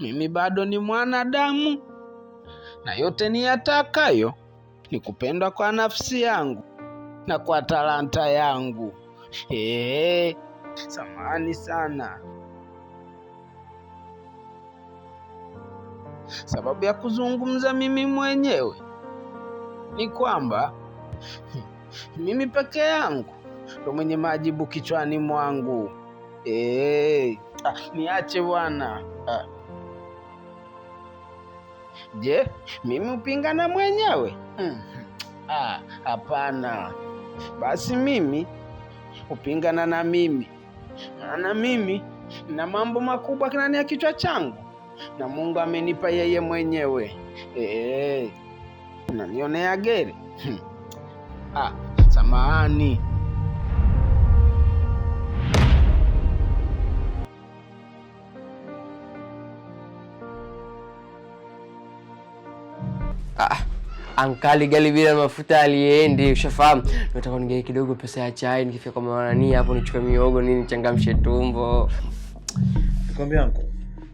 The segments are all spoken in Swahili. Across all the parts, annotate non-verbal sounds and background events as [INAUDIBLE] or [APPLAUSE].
Mimi bado ni mwanadamu, na yote niyatakayo ni kupendwa kwa nafsi yangu na kwa talanta yangu. Eee, samani sana. Sababu ya kuzungumza mimi mwenyewe ni kwamba [LAUGHS] mimi peke yangu ndo mwenye majibu kichwani mwangu. Eee, ah, niache bwana ah. Je, mimi hupingana mwenyewe? Mm. Ah, hapana. Basi mimi hupingana na mimi, maana mimi na mambo makubwa kinani ya kichwa changu na Mungu amenipa yeye mwenyewe. nanionea unanionea Hmm. Ah, samahani. Ah, ankali gali bila mafuta aliendi, ushafahamu. Nataka nigei kidogo pesa ya chai, nikifika kwa mama nani hapo nichukue miogo nini, changamshe tumbo. Nikwambia anko,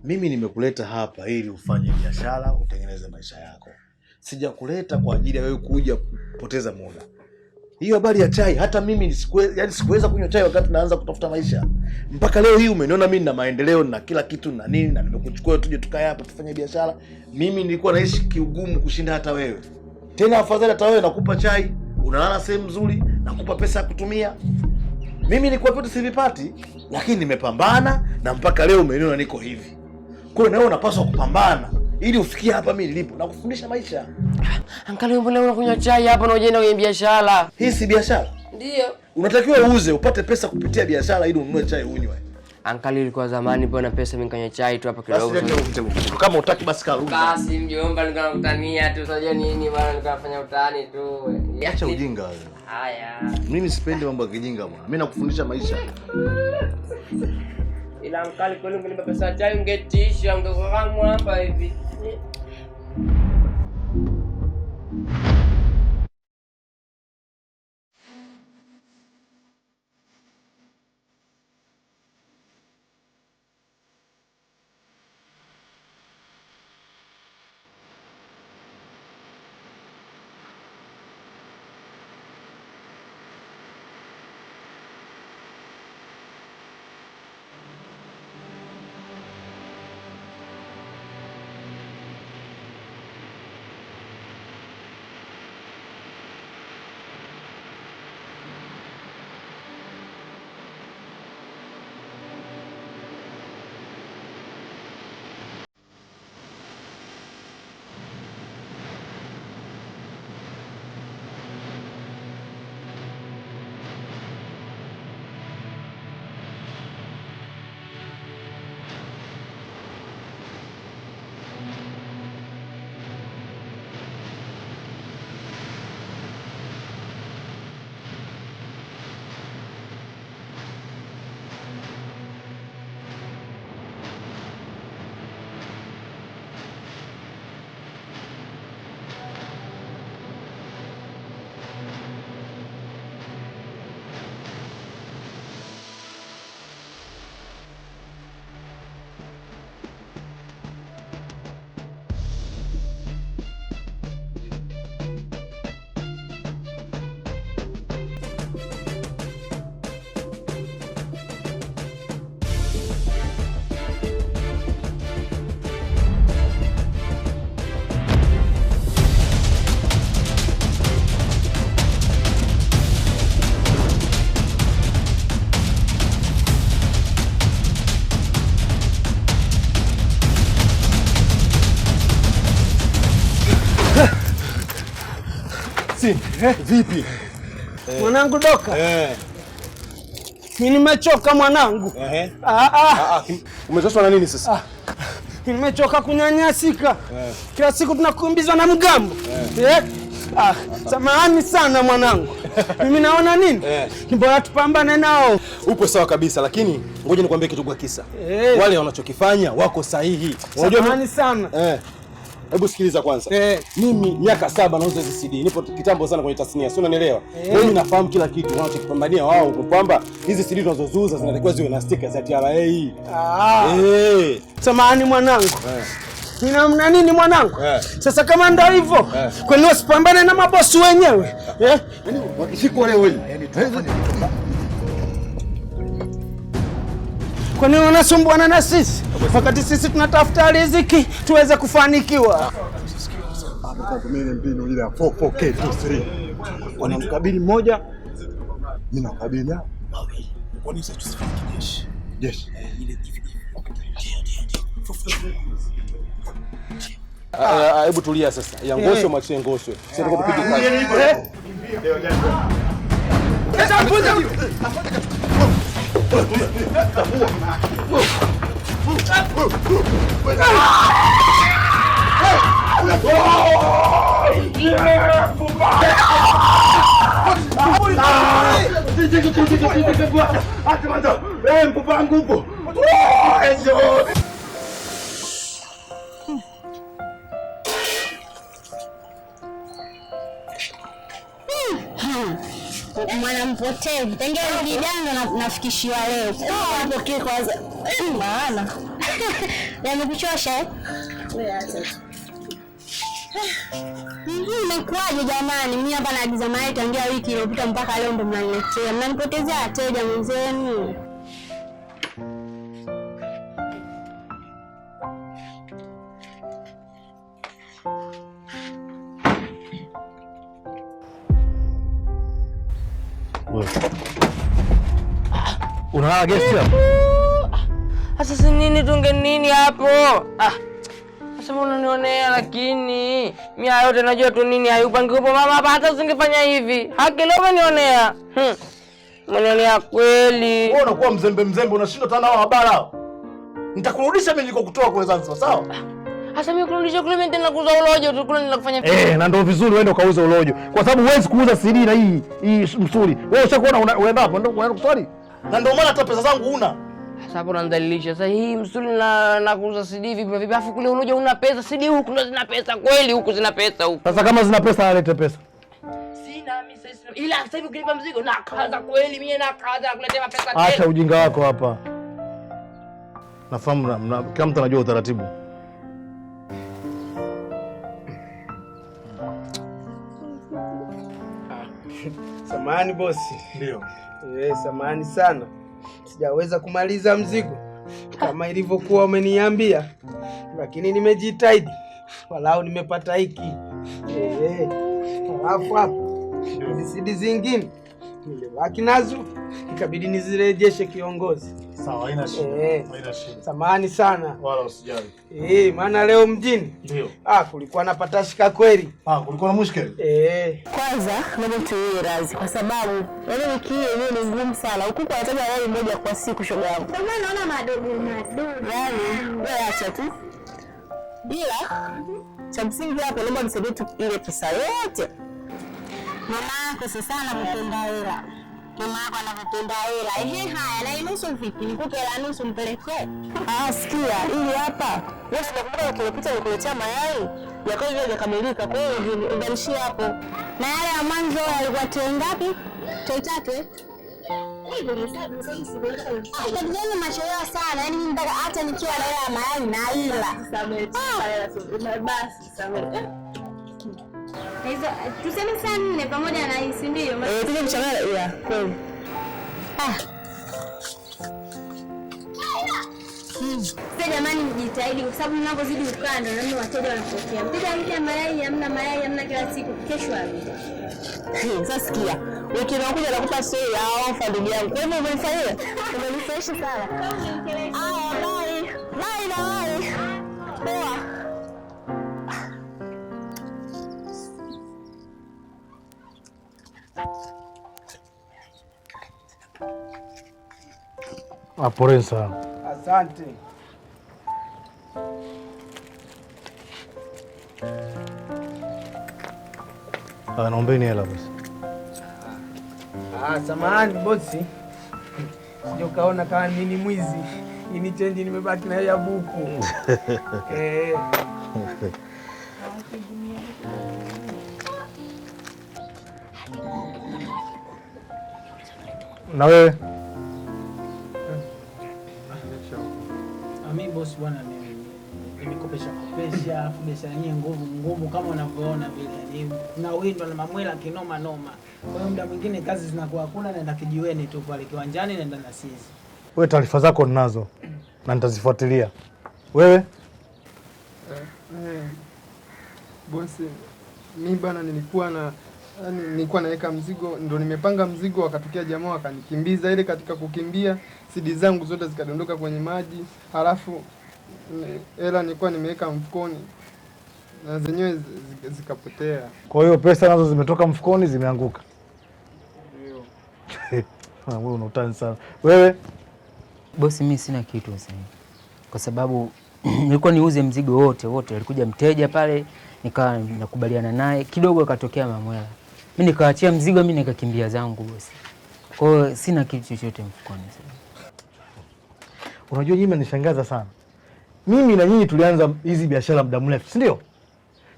mimi nimekuleta hapa ili ufanye biashara, utengeneze maisha yako. Sijakuleta kwa ajili ya wewe kuja kupoteza muda hiyo habari ya chai, hata mimi sikuweza sikue kunywa chai wakati naanza kutafuta maisha. Mpaka leo hii umeniona mimi na maendeleo na kila kitu na nini, na nimekuchukua tuje tukae hapa tufanye biashara. Mimi nilikuwa naishi kiugumu kushinda hata wewe, tena afadhali hata wewe. Nakupa chai, unalala sehemu nzuri, nakupa pesa ya kutumia. Mimi nilikuwa vyote sivipati, lakini nimepambana na mpaka leo umeniona niko hivi. Kwa hiyo na wewe unapaswa kupambana ili ufikie hapa mimi nilipo na kufundisha maisha. Angalau ah, mbona unakunywa chai hapa na unaenda kwenye biashara? Hii si biashara? Ndio. Unatakiwa uuze upate pesa kupitia biashara ili ununue chai unywe. Ankali ilikuwa zamani bwana, pesa mimi mkanywa chai tu hapa kidogo. Kama utaki basi karudi. Basi mjomba, nikakutania tu unajua nini bwana, nikafanya utani tu. Acha ujinga wewe. Haya. Mimi sipendi mambo ya kijinga bwana. Mimi nakufundisha maisha. Ila ankali kweli, ungelipa pesa chai, ungetiisha, ungekuwa hapa hivi. Justin, Eh? Vipi? Eh. Mwanangu Doka. Eh. Nimechoka mwanangu. Eh. Ah, ah. Ah, ah. na nini sasa? Ah. Nimechoka kunyanyasika. Eh. Kila siku tunakumbizwa na mgambo. Eh. Eh. Ah, samahani sana mwanangu. [LAUGHS] Mimi naona nini? Eh. Mbona tupambane nao? Upo sawa kabisa lakini ngoja nikwambie kitu kwa kisa. Eh. Wale wanachokifanya wako sahihi. Samahani sana. Eh. Hebu sikiliza kwanza eh. Mimi miaka saba nauza hizi CD, nipo kitambo sana kwenye tasnia, si unanielewa? Eh. Mimi nafahamu kila kitu wanachokipambania wao, kwamba hizi CD tunazozuza zinatakiwa ziwe na stika za TRA. Ah. Eh. Samahani mwanangu eh. namna nini mwanangu? Eh. Sasa kama ndo hivyo, yeah. Kwani usipambane na mabosi wenyewe? Eh. Yaani Kwa nini unasumbuana na sisi wakati sisi tunatafuta riziki tuweze kufanikiwa? Mbinu ile ya 4 k wanamkabili mmoja, mimi nakabili Hebu tulia sasa, 아, 그만 둬. 엠, 뽀뽀, 안 굽고. 와, 엔 mpotevu tangia wiki jana nafikishiwa leo. Ah, pokee kwanza, maana [LAUGHS] yamekuchosha eh? Imekuwaje jamani? Mimi hapa naagiza mayai tangia wiki iliyopita mpaka leo ndo mnaniletea, mnanipotezea wateja mwenzenu. unalala guest hapo? Ah, sasa nini tunge nini hapo? Ah. Sasa unanionea lakini mimi hayo yote najua tu nini hayupangi hapo mama hapa hata usingefanya hivi. Haki leo umenionea. Hmm. Umenionea kweli. Wewe unakuwa mzembe mzembe unashindwa tena hao habara Nitakurudisha mimi niko kutoa kule Zanzibar, sawa? Hasa ah, mimi kurudisha kule mimi tena kuuza ulojo tu kule ninakufanya. Eh, na ndio vizuri wewe kauza ulojo. Kwa sababu huwezi kuuza siri na hii hii msuri. Wewe ushakuona unaenda hapo ndio unaenda kuswali na ndio maana hata pesa zangu una. Sasa hapo unanidhalilisha. Sasa hii msuli na nakuuza CD vipi na vipi? Afu kule unoja una pesa CD, huku ndo zina pesa kweli, huku zina pesa huku. Sasa kama zina pesa alete pesa. Sina mimi sasa, ila sasa hivi ukilipa mzigo na kaza kweli, mimi na kaza kuletea mapesa tena. Acha ujinga wako hapa. Nafahamu na, na kama mtu anajua utaratibu. Ah. Samahani bosi. Ndio. Eh, samahani sana, sijaweza kumaliza mzigo kama ilivyokuwa umeniambia, lakini nimejitahidi, walau nimepata hiki. Eh, hapa eh. hapo zisidi zingine nimebaki nazo ikabidi nizirejeshe kiongozi. Sawa, haina eh, shida. E, haina shida. Samahani sana. Wala usijali. Eh, maana leo mjini ndio. Ah, kulikuwa na patashika kweli. Ah, kulikuwa na mushkeli. Eh. Kwanza naomba tuwe razi kwa sababu yaani wiki hii yenyewe ni ngumu sana. Huku kwa nataja wali moja kwa siku shoga yangu. Kwa maana naona madogo madogo. Yaani wewe acha tu. Bila cha msingi hapa, naomba nisaidie tu ile pesa yote mama yako sasa anakupenda hela, mama yako anakupenda hela. Ehe, eh, haya na inusu vipi? Nikupe la nusu mpelekee? Ah, sikia ili hapa wewe, nakumbuka tulipita nikuletea mayai yakawa hiyo yakamilika, kwa hiyo unganishia hapo. Na yale ya mwanzo yalikuwa tei ngapi? Tei tatu eh? Ah, Tatizo sana, yaani mimi mpaka hata nikiwa na hela ya mayai na ila hizo tuseme saa nne pamoja na hii, si ndio? Eh, tuje kuchanganya ya kweli. Ah. Hmm. Sasa jamani, mjitahidi kwa sababu mnapozidi ukanda na nani wateja wanapokea. Mteja mja mayai hamna mayai hamna kila siku kesho hapo. Hmm, sasa sikia. Wiki inakuja nakupa sio ya ofa ndugu yangu. Kwa hivyo umenifanyia? [LAUGHS] Umenifurahisha sana. Kama ni kile Pole sana. Asante. Naombeni hela basi. Ah, samahani bosi. Ndio kaona kama nini mwizi. Ini change nimebaki na ya buku. [LAUGHS] Eh, eh. Na wewe? mimi boss bwana, nimekopesha kopesha, afu biashara yenyewe nguvu nguvu kama unavyoona vile, na windo na mamwela kinoma noma. Kwa hiyo muda mwingine kazi zinakuwa hakuna, naenda kijiweni tu pale kiwanjani, naenda na sisi. Wewe taarifa zako ninazo na nitazifuatilia. Wewe eh, eh, bosi, mimi bwana nilikuwa na yani nilikuwa naweka mzigo, ndo nimepanga mzigo, wakatokea jamaa wakanikimbiza. Ile katika kukimbia sidi zangu zote zikadondoka kwenye maji, halafu hela nilikuwa nimeweka mfukoni na zenyewe zikapotea. Kwa hiyo pesa nazo zimetoka mfukoni, zimeanguka. [LAUGHS] Wewe sana wewe. Bosi, mi sina kitu sasa, kwa sababu [CLEARS THROAT] nilikuwa niuze mzigo wote wote. Alikuja mteja pale, nikawa nakubaliana naye kidogo, akatokea mamwela mi nikaachia mzigo, mi nikakimbia zangu bosi. Kwa hiyo sina kitu chochote mfukoni. Unajua nyinyi mnanishangaza sana. Mimi na nyinyi tulianza hizi biashara muda mrefu, si ndio?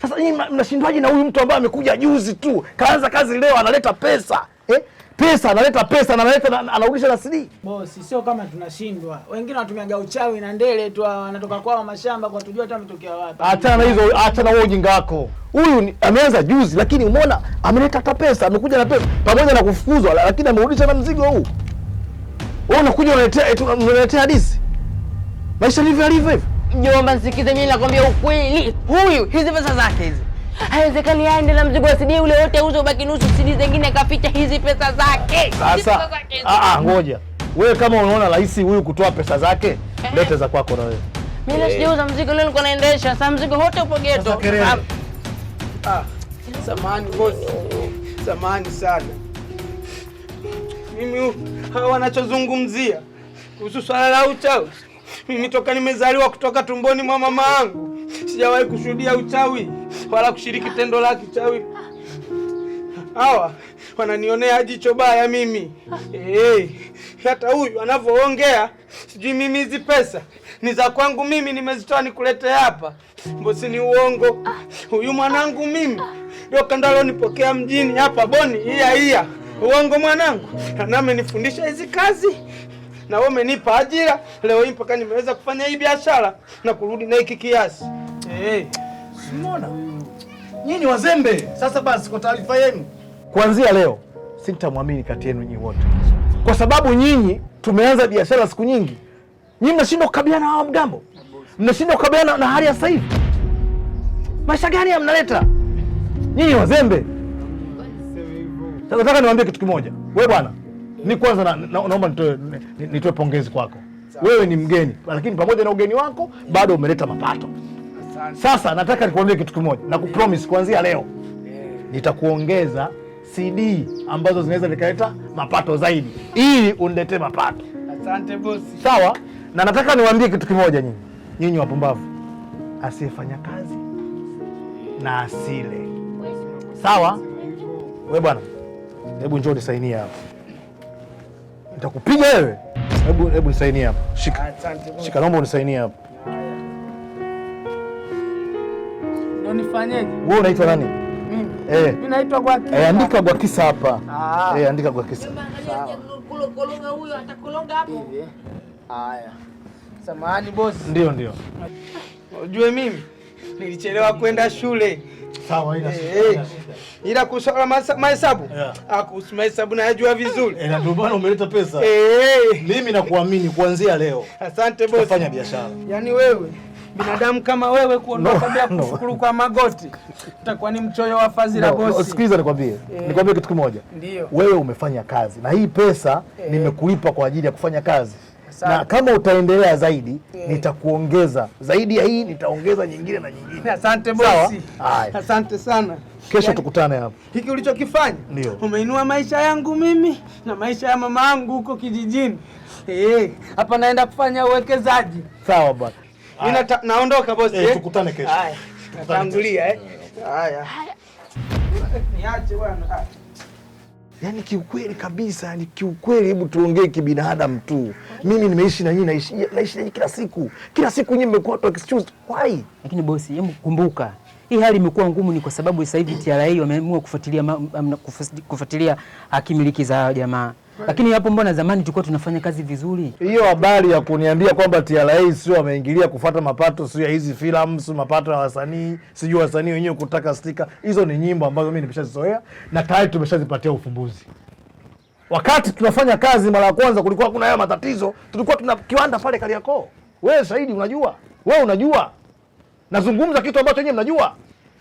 Sasa nyinyi mnashindwaje na huyu mtu ambaye amekuja juzi tu kaanza kazi leo analeta pesa eh? Pesa analeta pesa analeta anarudisha na CD. Bosi, sio kama tunashindwa. Wengine wanatumiaga uchawi na ndele tu wanatoka kwao mashamba kwa tujua hata ametokea wapi. Hata na hizo hata na ujinga wako. Huyu ameanza juzi lakini umeona ameleta hata pesa, amekuja na pesa pamoja na kufukuzwa lakini amerudisha na mzigo huu. Wewe unakuja unaletea eh, unaletea hadithi. Maisha livyo alivyo hivyo. Njoo nisikize mimi nakwambia ukweli. Huyu hizi pesa zake hizi haiwezekani aende na mzigo wa CD ule wote uzo baki nusu CD zingine akaficha hizi pesa zake. Sasa ah, ah, ngoja wewe, kama unaona rahisi huyu kutoa pesa zake, eh. lete za kwako na wewe. Mimi eh. sijauza mzigo leo, niko naendesha. Sasa mzigo wote upo geto. Ah. ah, samahani bosi, sana. Mimi hawa wanachozungumzia kuhusu swala la uchawi, mimi toka nimezaliwa kutoka tumboni mwa mama yangu Sijawahi kushuhudia uchawi wala kushiriki tendo la kichawi. Hawa wananionea jicho baya mimi. Hey, eh, hata huyu anavyoongea sijui mimi hizi pesa ni za kwangu mimi, nimezitoa nikulete hapa. Mbosi ni uongo. Huyu mwanangu mimi ndio kandalo nipokea mjini hapa boni, iya iya uongo mwanangu, na nami nifundisha hizi kazi na wewe umenipa ajira leo hii mpaka nimeweza kufanya hii biashara na kurudi na hiki kiasi. Hey, eh, simona nyinyi wazembe. Sasa basi, kwa taarifa yenu, kuanzia leo sintamwamini kati yenu nyinyi wote, kwa sababu nyinyi tumeanza biashara siku nyingi, nyinyi mnashindwa kukabiliana na hawa mgambo, mnashindwa kukabiliana na hali ya sasa hivi. Maisha gani mnaleta nyinyi wazembe? Nataka niwaambie kitu kimoja, we bwana ni kwanza na, na, naomba nitoe nitoe pongezi kwako wewe ni mgeni lakini pamoja na ugeni wako bado umeleta mapato. Sasa nataka nikuambie kitu kimoja, na kupromise kuanzia leo eh. nitakuongeza CD ambazo zinaweza nikaleta mapato zaidi, ili uniletee mapato. Asante bosi. Sawa, na nataka niwaambie kitu kimoja, nyinyi nyinyi wapumbavu, asiyefanya kazi na asile. Sawa, we bwana, hebu njoo nisainie hapo nitakupiga wewe. Hebu hebu nisaini hapa, shika. Asante. Shika, naomba unisaini hapa. Ndio nifanyeje? Wewe unaitwa nani? Eh. Mimi naitwa Gwakisa. Eh, andika Gwakisa hapa. Ah. Eh, andika Gwakisa. Kolonga huyo atakolonga hapo. Haya. Samahani boss. Ndio, ndio. Ujue mimi [LAUGHS] nilichelewa kwenda shule. Sawa, ila hey, eh, eh. ila kusoma mahesabu ah, mahesabu nayajua vizuri. Eh, na ndio maana umeleta pesa. Hey. Mimi nakuamini kuanzia leo. Asante bosi. Fanya biashara. Yaani wewe binadamu kama wewe kuondoka bila kushukuru kwa magoti utakuwa ni mchoyo wa fadhila bosi. Sikiliza nikwambie, nikwambie kitu kimoja. Wewe umefanya kazi na hii pesa nimekuipa kwa ajili ya kufanya kazi na kama utaendelea zaidi yeah, nitakuongeza zaidi ya hii, nitaongeza nyingine na nyingine. [LAUGHS] Asante bosi, asante sana. Kesho yani, tukutane hapa. Hiki ulichokifanya umeinua maisha yangu mimi na maisha ya mama yangu huko kijijini. Hey, hapa naenda kufanya uwekezaji. Sawa bwana, naondoka bosi. Hey, eh, eh, tukutane kesho. Haya, Tutangulia eh. Haya, niache bwana. Yani kiukweli kabisa, yani kiukweli, hebu tuongee kibinadamu tu mimi nimeishi na nyinyi, naishi naishi na nyinyi kila siku, kila siku nyinyi mmekuwa watu excuse why. Lakini bosi, hebu kumbuka hii hali imekuwa ngumu, ni kwa sababu sasa hivi TRA wameamua kufuatilia kufuatilia hakimiliki za jamaa lakini hapo mbona zamani tulikuwa tunafanya kazi vizuri? Hiyo habari ya kuniambia kwamba TRA sio wameingilia kufuata mapato sio ya hizi filamu, sio mapato ya wasanii, sijui wasanii wenyewe kutaka stika, hizo ni nyimbo ambazo mimi nimeshazizoea na tayari tumeshazipatia ufumbuzi. Wakati tunafanya kazi mara ya kwanza, kulikuwa kuna haya matatizo, tulikuwa tuna kiwanda pale Kariakoo. Wewe zaidi unajua, wewe unajua, nazungumza kitu ambacho wenyewe mnajua.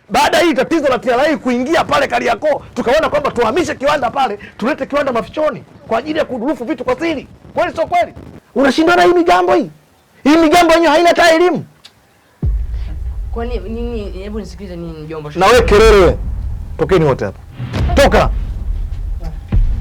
Baada hii tatizo la TRA kuingia pale Kariakoo, tukaona kwamba tuhamishe kiwanda pale, tulete kiwanda mafichoni kwa ajili ya kudurufu vitu kwa siri. Kweli sio kweli? Unashindana hii migambo hii, hii migambo yenyewe haina hata elimu. Kwani nini? Hebu nisikilize nini mjomba, na wewe kelele, tokeni wote hapa, toka.